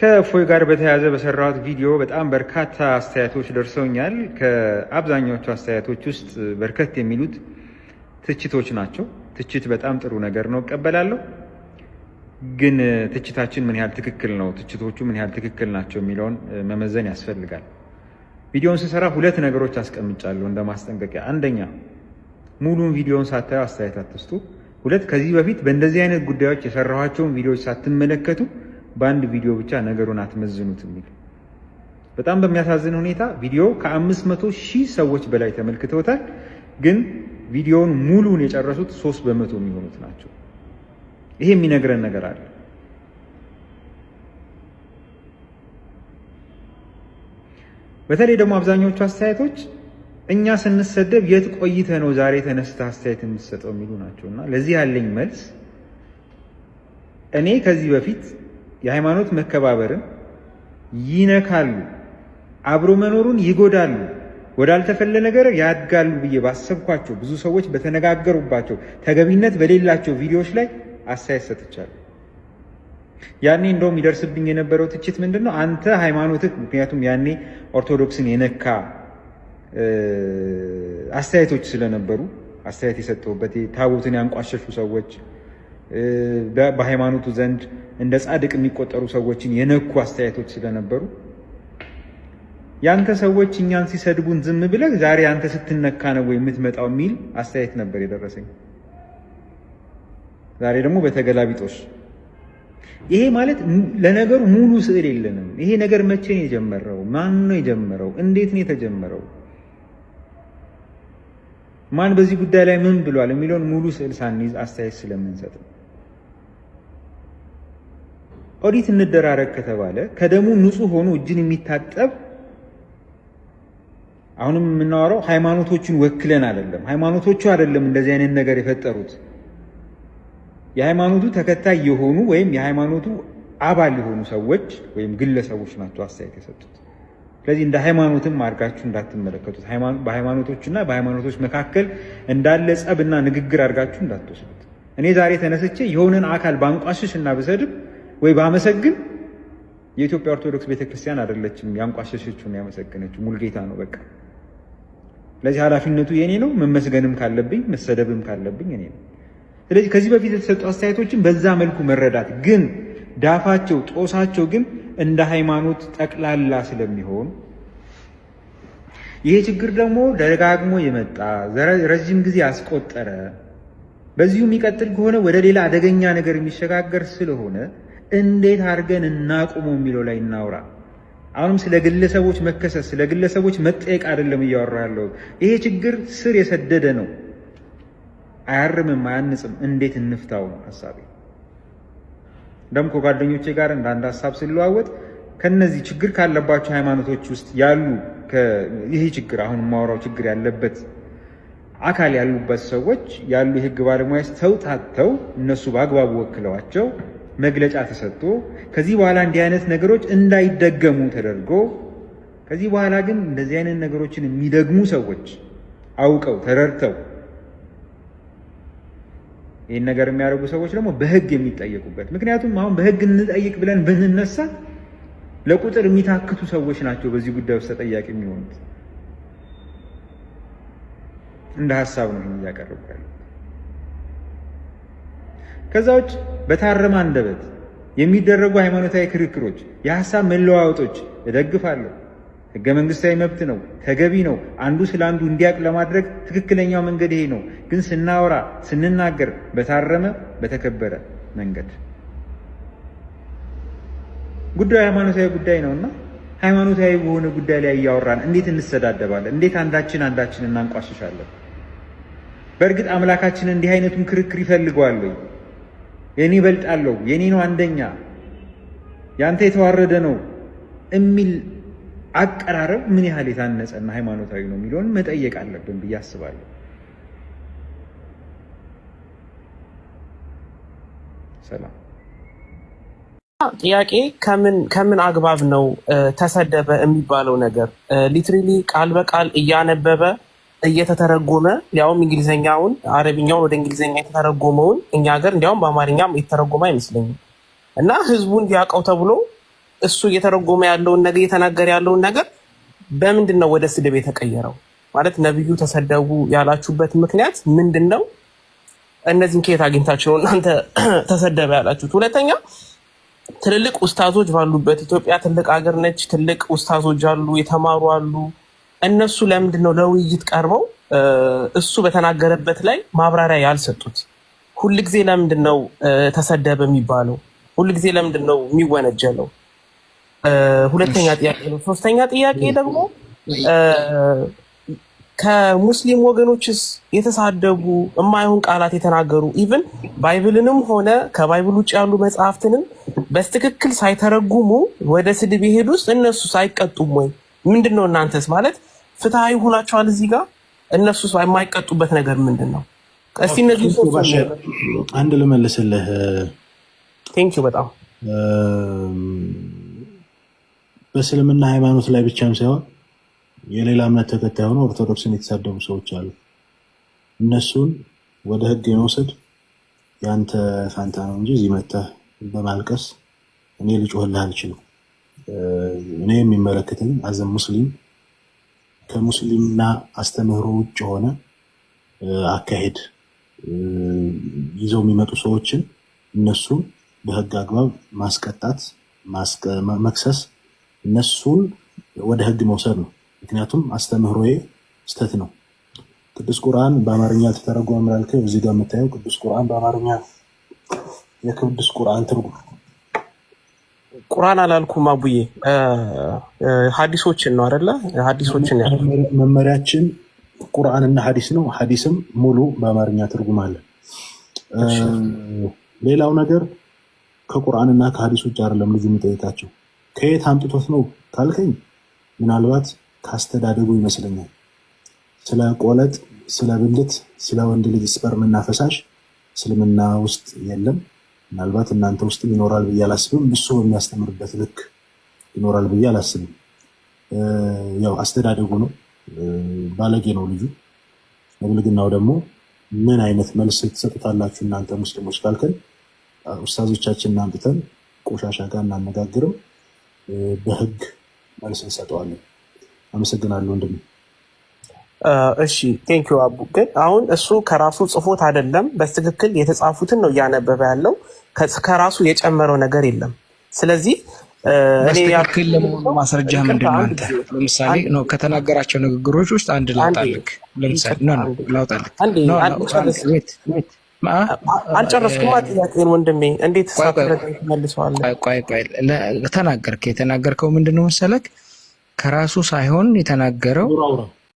ከእፎይ ጋር በተያያዘ በሰራሁት ቪዲዮ በጣም በርካታ አስተያየቶች ደርሰውኛል። ከአብዛኛዎቹ አስተያየቶች ውስጥ በርከት የሚሉት ትችቶች ናቸው። ትችት በጣም ጥሩ ነገር ነው፣ እቀበላለሁ። ግን ትችታችን ምን ያህል ትክክል ነው፣ ትችቶቹ ምን ያህል ትክክል ናቸው የሚለውን መመዘን ያስፈልጋል። ቪዲዮውን ስሰራ ሁለት ነገሮች አስቀምጫለሁ እንደ ማስጠንቀቂያ። አንደኛ ሙሉን ቪዲዮውን ሳታዩ አስተያየት አትስጡ። ሁለት ከዚህ በፊት በእንደዚህ አይነት ጉዳዮች የሰራኋቸውን ቪዲዮዎች ሳትመለከቱ በአንድ ቪዲዮ ብቻ ነገሩን አትመዝኑት የሚል በጣም በሚያሳዝን ሁኔታ ቪዲዮ ከአምስት መቶ ሺህ ሰዎች በላይ ተመልክተውታል። ግን ቪዲዮውን ሙሉን የጨረሱት ሶስት በመቶ የሚሆኑት ናቸው። ይሄ የሚነግረን ነገር አለ። በተለይ ደግሞ አብዛኞቹ አስተያየቶች እኛ ስንሰደብ የት ቆይተ ነው ዛሬ ተነስተ አስተያየት የምትሰጠው የሚሉ ናቸው እና ለዚህ ያለኝ መልስ እኔ ከዚህ በፊት የሃይማኖት መከባበርን ይነካሉ፣ አብሮ መኖሩን ይጎዳሉ፣ ወዳልተፈለ ነገር ያድጋሉ ብዬ ባሰብኳቸው ብዙ ሰዎች በተነጋገሩባቸው ተገቢነት በሌላቸው ቪዲዮዎች ላይ አስተያየት ሰጥቻለሁ። ያኔ እንደውም ይደርስብኝ የነበረው ትችት ምንድን ነው? አንተ ሃይማኖትህ ምክንያቱም ያኔ ኦርቶዶክስን የነካ አስተያየቶች ስለነበሩ አስተያየት የሰጠሁበት ታቦትን ያንቋሸሹ ሰዎች በሃይማኖቱ ዘንድ እንደ ጻድቅ የሚቆጠሩ ሰዎችን የነኩ አስተያየቶች ስለነበሩ ያንተ ሰዎች እኛን ሲሰድቡን ዝም ብለህ ዛሬ አንተ ስትነካ ነው ወይ የምትመጣው የሚል አስተያየት ነበር የደረሰኝ። ዛሬ ደግሞ በተገላቢጦሽ ይሄ ማለት ለነገሩ ሙሉ ስዕል የለንም። ይሄ ነገር መቼ ነው የጀመረው? ማን ነው የጀመረው? እንዴት ነው የተጀመረው? ማን በዚህ ጉዳይ ላይ ምን ብሏል? የሚለውን ሙሉ ስዕል ሳንይዝ አስተያየት ስለምንሰጥ ነው። ኦዲት እንደራረግ ከተባለ ከደሙ ንጹህ ሆኖ እጅን የሚታጠብ አሁንም የምናወራው ሃይማኖቶችን ወክለን አይደለም። ሃይማኖቶቹ አይደለም እንደዚህ አይነት ነገር የፈጠሩት የሃይማኖቱ ተከታይ የሆኑ ወይም የሃይማኖቱ አባል የሆኑ ሰዎች ወይም ግለሰቦች ናቸው አስተያየት የሰጡት። ስለዚህ እንደ ሃይማኖትም አድርጋችሁ እንዳትመለከቱት፣ በሃይማኖቶችና በሃይማኖቶች መካከል እንዳለ ጸብና ንግግር አድርጋችሁ እንዳትወስዱት። እኔ ዛሬ ተነስቼ የሆነን አካል ባንቋሽሽ እና ብሰድብ ወይ ባመሰግን የኢትዮጵያ ኦርቶዶክስ ቤተክርስቲያን አይደለችም ያንቋሸሸችው ያመሰገነችው ሙልጌታ ነው በቃ ስለዚህ ኃላፊነቱ የኔ ነው መመስገንም ካለብኝ መሰደብም ካለብኝ እኔ ነው ስለዚህ ከዚህ በፊት የተሰጡ አስተያየቶችን በዛ መልኩ መረዳት ግን ዳፋቸው ጦሳቸው ግን እንደ ሃይማኖት ጠቅላላ ስለሚሆን ይሄ ችግር ደግሞ ደጋግሞ የመጣ ረዥም ጊዜ አስቆጠረ በዚሁ የሚቀጥል ከሆነ ወደ ሌላ አደገኛ ነገር የሚሸጋገር ስለሆነ እንዴት አድርገን እናቁመው የሚለው ላይ እናውራ። አሁንም ስለ ግለሰቦች መከሰስ፣ ስለ ግለሰቦች መጠየቅ አይደለም እያወራ ያለው። ይሄ ችግር ስር የሰደደ ነው። አያርምም፣ አያንጽም። እንዴት እንፍታው ነው ሀሳቤ። ደግሞ ከጓደኞቼ ጋር እንዳንድ ሀሳብ ስለዋወጥ ከነዚህ ችግር ካለባቸው ሃይማኖቶች ውስጥ ያሉ ይሄ ችግር አሁን የማወራው ችግር ያለበት አካል ያሉበት ሰዎች ያሉ የህግ ባለሙያ ተውጣተው እነሱ በአግባቡ ወክለዋቸው መግለጫ ተሰጥቶ ከዚህ በኋላ እንዲህ አይነት ነገሮች እንዳይደገሙ ተደርጎ ከዚህ በኋላ ግን እንደዚህ አይነት ነገሮችን የሚደግሙ ሰዎች አውቀው ተረድተው ይህን ነገር የሚያደርጉ ሰዎች ደግሞ በሕግ የሚጠየቁበት ምክንያቱም አሁን በሕግ እንጠይቅ ብለን ብንነሳ ለቁጥር የሚታክቱ ሰዎች ናቸው በዚህ ጉዳይ ውስጥ ተጠያቂ የሚሆኑት። እንደ ሀሳብ ነው ይህን ያለው። ከዛ ውጭ በታረመ አንደበት የሚደረጉ ሃይማኖታዊ ክርክሮች፣ የሀሳብ መለዋወጦች እደግፋለሁ። ህገ መንግስታዊ መብት ነው፣ ተገቢ ነው። አንዱ ስለ አንዱ እንዲያውቅ ለማድረግ ትክክለኛው መንገድ ይሄ ነው። ግን ስናወራ፣ ስንናገር በታረመ በተከበረ መንገድ ጉዳዩ ሃይማኖታዊ ጉዳይ እና ሃይማኖታዊ በሆነ ጉዳይ ላይ እያወራን እንዴት እንሰዳደባለን? እንዴት አንዳችን አንዳችን እናንቋሽሻለን? በእርግጥ አምላካችን እንዲህ አይነቱን ክርክር ይፈልገዋል ወይ? የኔ እበልጣለሁ፣ የኔ ነው አንደኛ፣ ያንተ የተዋረደ ነው የሚል አቀራረብ ምን ያህል የታነጸና ሃይማኖታዊ ነው የሚለውን መጠየቅ አለብን ብዬ አስባለሁ። ሰላም። ጥያቄ ከምን አግባብ ነው ተሰደበ የሚባለው ነገር? ሊትሪሊ ቃል በቃል እያነበበ እየተተረጎመ እንዲያውም እንግሊዝኛውን አረብኛውን ወደ እንግሊዝኛ የተተረጎመውን እኛ ሀገር እንዲያውም በአማርኛም የተተረጎመ አይመስለኝም። እና ህዝቡ እንዲያውቀው ተብሎ እሱ እየተረጎመ ያለውን ነገር እየተናገረ ያለውን ነገር በምንድን ነው ወደ ስድብ የተቀየረው? ማለት ነብዩ ተሰደቡ ያላችሁበት ምክንያት ምንድን ነው? እነዚህን ከየት አግኝታችሁ ነው እናንተ ተሰደበ ያላችሁት? ሁለተኛ ትልልቅ ውስታዞች ባሉበት ኢትዮጵያ ትልቅ ሀገር ነች። ትልቅ ውስታዞች አሉ፣ የተማሩ አሉ እነሱ ለምንድን ነው ለውይይት ቀርበው እሱ በተናገረበት ላይ ማብራሪያ ያልሰጡት? ሁልጊዜ ለምንድን ነው ተሰደበ የሚባለው? ሁልጊዜ ለምንድን ነው የሚወነጀለው? ሁለተኛ ጥያቄ ነው። ሶስተኛ ጥያቄ ደግሞ ከሙስሊም ወገኖችስ የተሳደቡ የማይሆን ቃላት የተናገሩ ኢቭን ባይብልንም ሆነ ከባይብል ውጭ ያሉ መጽሐፍትንም በስትክክል ሳይተረጉሙ ወደ ስድብ የሄዱ ውስጥ እነሱ አይቀጡም ወይ? ምንድን ነው እናንተስ ማለት ፍትሃዊ ሆናችኋል እዚህ ጋር እነሱ የማይቀጡበት ነገር ምንድን ነው? እስቲ እነዚህ አንድ ልመልስልህ። ቴንክ በጣም በእስልምና ሃይማኖት ላይ ብቻም ሳይሆን የሌላ እምነት ተከታይ ሆነ ኦርቶዶክስን የተሳደቡ ሰዎች አሉ። እነሱን ወደ ህግ የመውሰድ የአንተ ፋንታ ነው እንጂ እዚህ መጥተህ በማልቀስ እኔ ልጮህልህ አልችልም። እኔ የሚመለከተኝ አዘ ሙስሊም ከሙስሊምና አስተምህሮ ውጭ የሆነ አካሄድ ይዘው የሚመጡ ሰዎችን እነሱን በህግ አግባብ ማስቀጣት፣ መክሰስ፣ እነሱን ወደ ህግ መውሰድ ነው። ምክንያቱም አስተምህሮዬ ስተት ነው። ቅዱስ ቁርአን በአማርኛ ተተረጎመ ምላልከ እዚህ ጋር የምታየው ቅዱስ ቁርአን በአማርኛ የቅዱስ ቁርአን ትርጉም ቁርአን አላልኩም አቡዬ፣ ሀዲሶችን ነው አይደለ? ሀዲሶችን መመሪያችን ቁርአንና ሀዲስ ነው። ሀዲስም ሙሉ በአማርኛ ትርጉም አለ። ሌላው ነገር ከቁርአንና ከሀዲስ ውጭ አይደለም ልጁ የሚጠይቃቸው። ከየት አምጥቶት ነው ካልከኝ ምናልባት ካስተዳደጉ ይመስለኛል። ስለ ቆለጥ፣ ስለ ብልት፣ ስለ ወንድ ልጅ ስፐርምና ፈሳሽ እስልምና ውስጥ የለም። ምናልባት እናንተ ውስጥም ይኖራል ብዬ አላስብም። እሱ በሚያስተምርበት ልክ ይኖራል ብዬ አላስብም። ያው አስተዳደጉ ነው። ባለጌ ነው ልጁ። ለብልግናው ደግሞ ምን አይነት መልስ ትሰጡታላችሁ እናንተ ሙስሊሞች ካልከን ኡስታዞቻችንን አምጥተን ቆሻሻ ጋር እናነጋግረው፣ በህግ መልስ እንሰጠዋለን። አመሰግናለሁ ወንድም። እሺ ቴንኪው አቡ። ግን አሁን እሱ ከራሱ ጽፎት አይደለም፣ በትክክል የተጻፉትን ነው እያነበበ ያለው። ከራሱ የጨመረው ነገር የለም። ስለዚህ በስትክክል ለመሆኑ ማስረጃ ምንድን ነው? አንተ ለምሳሌ ከተናገራቸው ንግግሮች ውስጥ አንድ ላውጣልክ። ለምሳሌ ላውጣልክ። አልጨረስኩማ ጥያቄን ወንድሜ። እንዴት መልሰዋለሁ? ተናገርክ። የተናገርከው ምንድን ነው መሰለክ? ከራሱ ሳይሆን የተናገረው